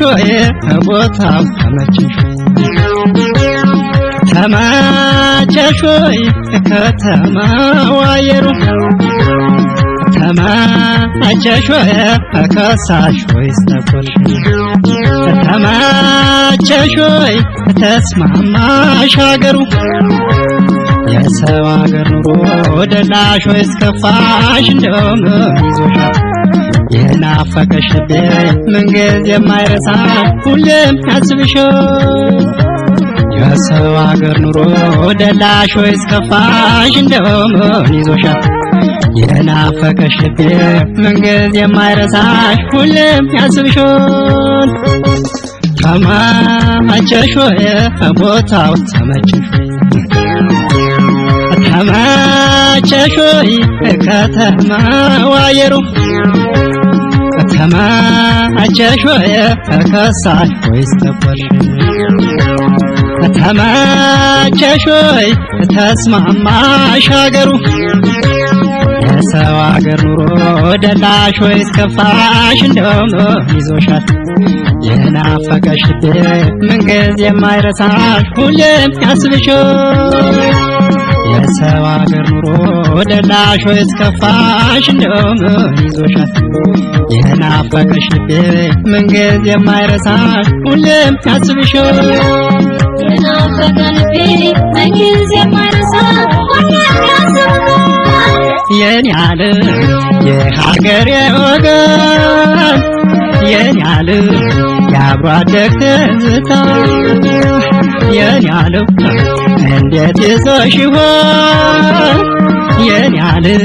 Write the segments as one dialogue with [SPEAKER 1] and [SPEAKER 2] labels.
[SPEAKER 1] ሾዬ ከቦታው ተመቸሽ ተማጨሾይ ከተማው አየሩ ተማጨሾይ ከሳሾይ ስተቆልሽ ተማጨሾይ ተስማማሽ አገሩ የሰው አገር ኑሮ ወደ እስከፋሽ እንደውም ይዞሻል የናፈቀሽ ልቤ ምንጊዜ የማይረሳ ሁሌም ያስብሽ የሰው አገር ኑሮ ደላሽ ወይ እስከፋሽ እንደሆን ይዞሻል የናፈቀሽ ልቤ ምንጊዜ የማይረሳሽ ሁሌም ያስብሽን ተመቸሽ ቦታው ተመቸሽ ተመቸሽ ወይ ከተማው ከተማጀሽ ተስማማሽ አገሩ የሰው አገር ኑሮ ደላሽ ወይስ ከፋሽ? እንደውም ይዞሻል የናፈቀሽ ልቤ ምንጊዜ የማይረሳሽ ሁሌም ያስብሽ የሰው አገር ኑሮ ለላሽ ወይስ ከፋሽ ይዞሻል? የናፈቀሽ ልቤ ምንጊዜ የማይረሳሽ ሁሌም ያስብሽ የኔ ዓለም የሀገሬ ወገን የኔ ዓለም የአብሮ አደግ ትዝታ የኔ አለው እንዴት ይዞሽ ይሆን የኔ አለው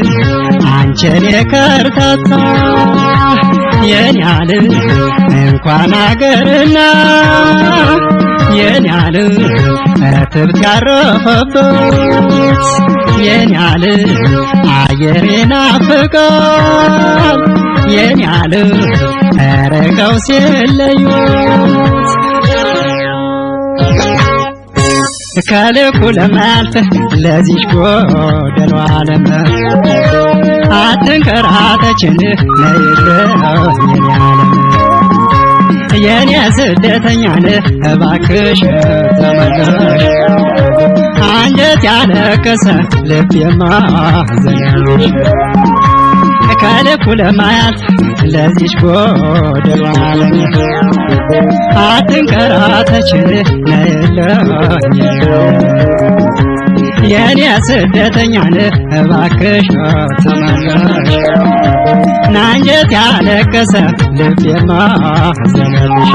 [SPEAKER 1] አንቺን የከርታታ የኔ አለው እንኳን አገርና የኔ አለው እትብት ያረፈበት የኔ አለው አየሬና ፍቃል የኔ አለው ተረጋው ሲለዩ እስከልኩ ለመልተ ለዚች ጎደሎ ዓለም አትንከራተችን ነይልኝ አለም የኔ ስደተኛ ነህ እባክሽ ተመለሽ አንጀት ያለቀሰ ልብ የማዘንሽ ከልኩ ለማያት ለዚች ጎደሎ ዓለም አትንከራተችን ነይለኝ የኔ ስደተኛ ነህ እባክሽ ተመለሽ ናንጀት ያለቀሰ ልብ የማዘነልሽ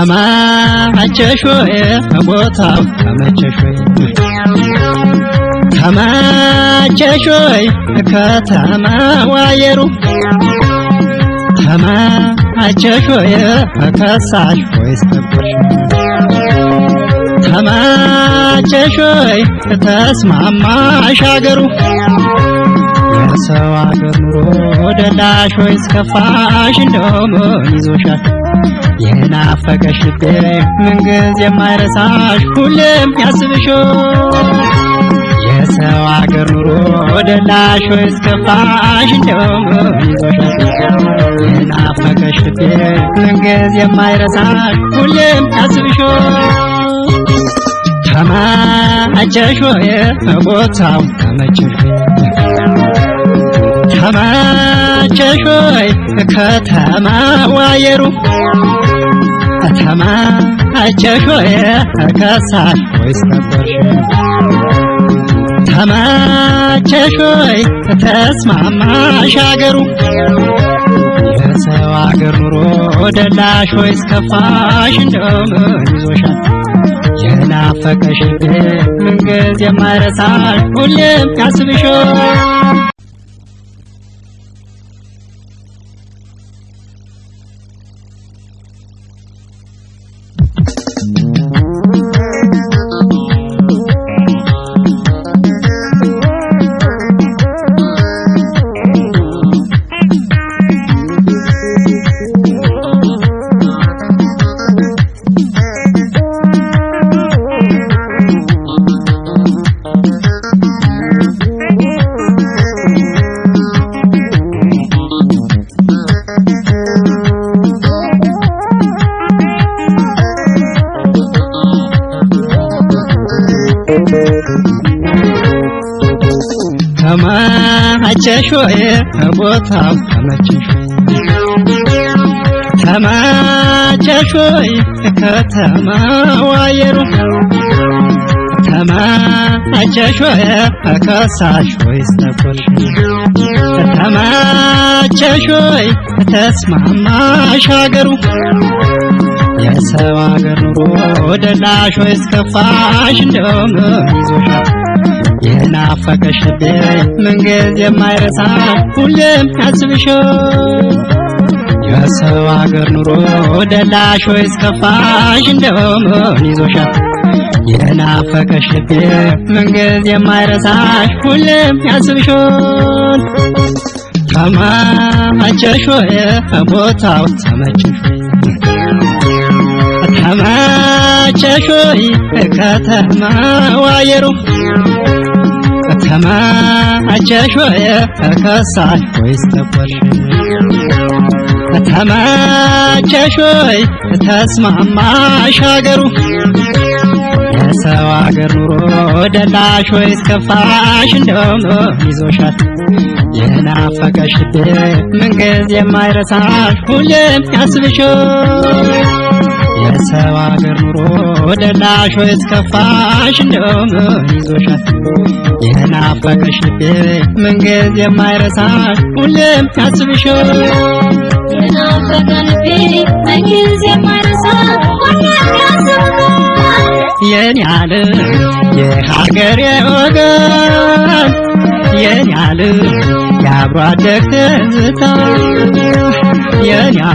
[SPEAKER 1] ከማቸሾዬ ከቦታው ከመቸሾዬ ከማቸሾዬ አየሩ ከሳሽ አገሩ የሰው አገር ኑሮ ወደ ላሽ ወይ እስከፋሽ እንደሞን ይዞሻል የናፈቀሽ ልቤ ምንጊዜ የማይረሳሽ ሁሌም ያስብሽ የሰው አገር ኑሮ ወደ ላሽ ወይ እስከፋሽ እንደሞን ይዞሻል የናፈቀሽ ልቤ ምንጊዜ የማይረሳሽ ሁሌም ያስብሽ ተመቸሽ ወይ ቦታው ተመቸሽ ነሽ ወይ ከተማዋ የሩቅ ከተማ አቸሽ ወይ ከሳሽ ወይስ ነበርሽ ተመቸሽ ወይ ተስማማሽ አገሩ የሰው አገር ኑሮ ደላሽ ወይስ ከፋሽ እንደው ምን ይዞሻል የናፈቀሽ ግን ምንጊዜም የማይረሳሽ ሁሌም ያስብሽ ጨሾኤ ከቦታው ተመችሽ ተማጨሾይ ከተማዋ አየሩ ተማጨሾይ ከሳሾይ ስተቆሽ ተማጨሾይ ተስማማሽ አገሩ የሰው አገር ኑሮ ወደ ላሾይ እስከፋሽ ይዞሻል የናፈቀሽ መንገድ የማይረሳ ሁሌም ያስብሽ የሰው ሀገር ኑሮ ደላሽ ወይስ ከፋሽ እንደሆን ይዞሻል የናፈቀሽ መንገድ የማይረሳሽ ሁሌም ያስብሽን ተመቸሽ ወይ ከቦታው ተመቸሽ ተመቸሽ ወይ ከተማ ዋየሩ ተማጀሽ ወይ ተስማማሽ አገሩ የሰው አገር ኑሮ ደላሽ ወይስ ከፋሽ? እንደውም ይዞሻል የናፈቀሽ ልቤ ምንጊዜ የማይረሳሽ ሁሌም ያስብሽ የሰው አገር ኑሮ ደላሽ ወይስ ከፋሽ? እንደው ይዞሻል? የናፈቀሽ ልቤ ምንጊዜ የማይረሳሽ ሁሌም ያስብሽ የኔ የሀገሬ ወገን የኔ የአብሮ አደግ ትዝታ የኔ